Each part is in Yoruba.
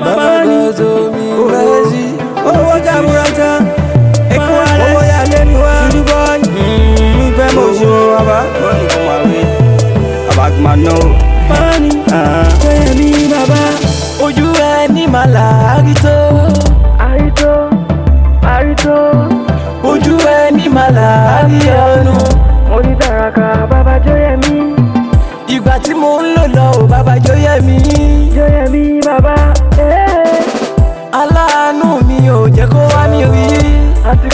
bàbá gòzò mi bẹ́ẹ̀sì owó jaburata èkó alẹ́ owó yàlẹ́ mi wá ṣubú bọ́ọ̀lì mi fẹ́ mọ̀ ṣe o mi bàbá ojú ẹ ní màlà àrító àrító àrító ojú ẹ ní màlà àríyànú. mo ní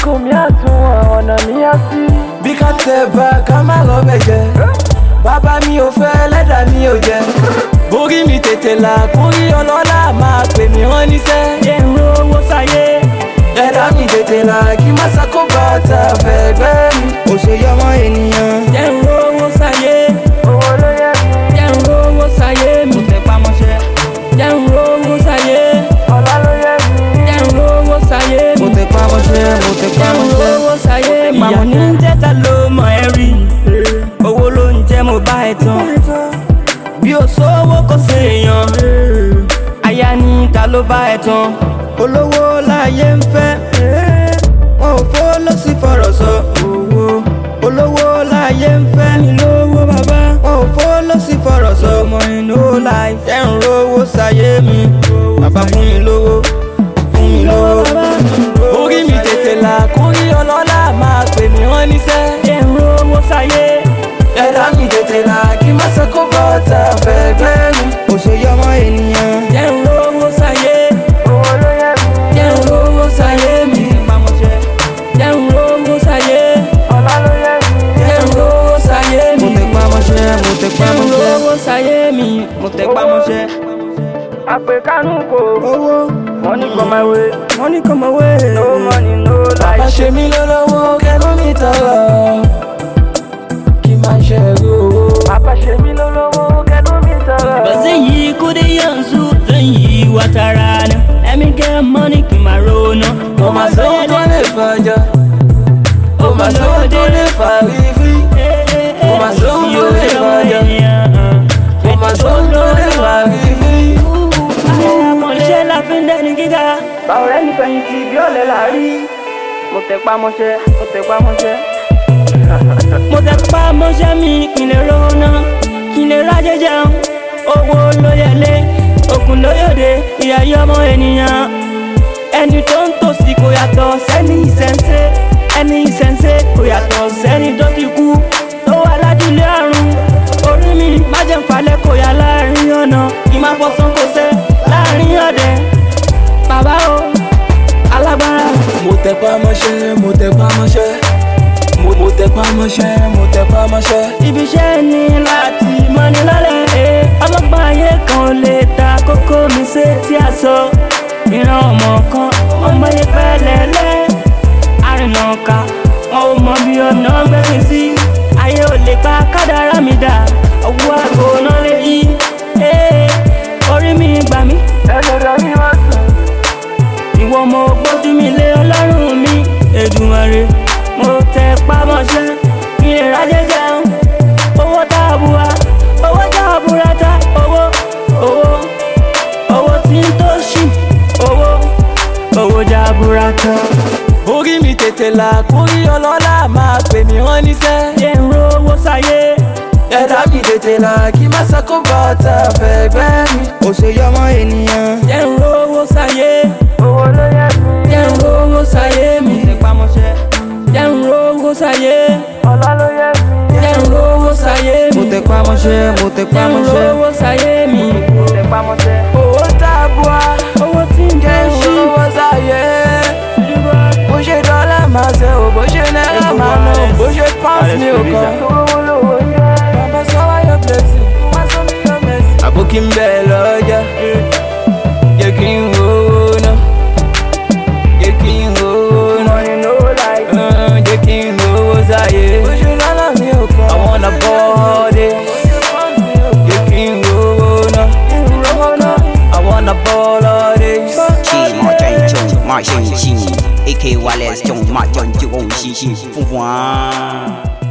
kùmíàtún ọ̀nà mi á sí. bí ká tẹ bá ká má lọ bẹ jẹ bàbá mi ò fẹ́ ẹlẹ́dàá mi ò jẹ borí mi tètè là kórí ọlọ́lá máa pè mí rán níṣẹ́. yẹ ń ro owó sáyé. ẹ̀dá mi tètè là kí má ṣàkóbá tá a si bi baba mi. o fe eledaa mi o je mi tete la kori olola maa pe mi ran nise ye n eda mi tete la ki ma sakoba ta a fe gbe mi eniyan olówó kò ṣe èèyàn aya ni ta ló bá ẹ tán olówó láyé ń fẹ́ wọn ò fó ló sì fọ̀rọ̀ sọ owó olówó láyé ń fẹ́ mi lówó bàbá wọn ò fó ló sì fọ̀rọ̀ sọ ọmọ inú láì ẹ̀rùn rówó ṣayé mi bàbá fún mi lówó. mo tẹpá mọ́ṣẹ́. àpè kánú kò owó money come my way. money come my way. no money no life. bàbá ṣe mí lọ́lọ́wọ́ kẹ́nu mi tọrọ kí n máa ṣe ẹrú owó. bàbá ṣe mí lọ́lọ́wọ́ kẹ́nu mi tọrọ. bàzẹ́ yìí kó dé yanzu lẹ́yìn ìwà tara ni ẹ̀mí kẹ́ mọ́nì kì máa ronú. mo máa sanwó tó lè fàjà mo máa sanwó tó lè fàrífí mo máa sanwó tó lórí wa. àyàmọ̀ iṣẹ́ la fi ń dẹni gíga. báwo rẹ́ nífẹ̀ẹ́ yìí ti bí ọ̀lẹ́ la rí. mo tẹ̀ pa mọ́ṣẹ́ mo tẹ̀ pa mọ́ṣẹ́. mo tẹ̀ pa mọ́ṣẹ́ mi kí n lè rówó náà kí n lè rájẹ jẹun owó ló yẹlé òkun ló yòde ìyá yọ ọmọ ènìyàn ẹni tó ń tòsí kò yàtọ̀ sẹ́ni ìsẹ̀nsẹ̀ ẹni ìsẹ̀nsẹ̀ kò yàtọ̀ sẹ́ni tó ti kú. mo tẹpá mọ́ṣẹ́ mo tẹpá mọ́ṣẹ́ mo tẹpá mọ́ṣẹ́. ibiṣẹ́ ni láti mọ́ni lọ́lẹ̀ eh. ọlọ́pàá ayé kan lè ta kókó mi ṣe tí a sọ ìran ọmọ kan ọmọ yẹn fẹ́ lẹ́lẹ́ àrìnà ọ̀ka wọn ò mọ bí ọ̀nà gbẹ̀mí sí ayé ò lè pa kádàrá mi dà ọwọ́ àgbo náà lè ra buraka. orí mi tètè là kúrí ọlọ́lá máa pè mí wọ́n níṣẹ́. yé n rówó sáyé. ẹ̀dá mi tètè là kí má sako bàtà fẹ̀gbẹ́ mi. òṣèyí ọmọ ènìyàn. yé n rówó sáyé. owó ló yẹ mi. yé n rówó sáyé mi. eniyan n sáyé. ọlá ló yẹ mi. n saye mi ipamose ye n saye ola lo ye mi n saye mi. mo tẹ mo tẹ n sáyé. ṣe o bó ṣe náírà máa ná o bó ṣe pounds ní bàbá sọ wá yọ blessing wá sọ mi yọ mercy. àbókí ń bẹ̀ lọ́jà. Eh. King AK Wallace 囧嘛囧就往西西凤凰。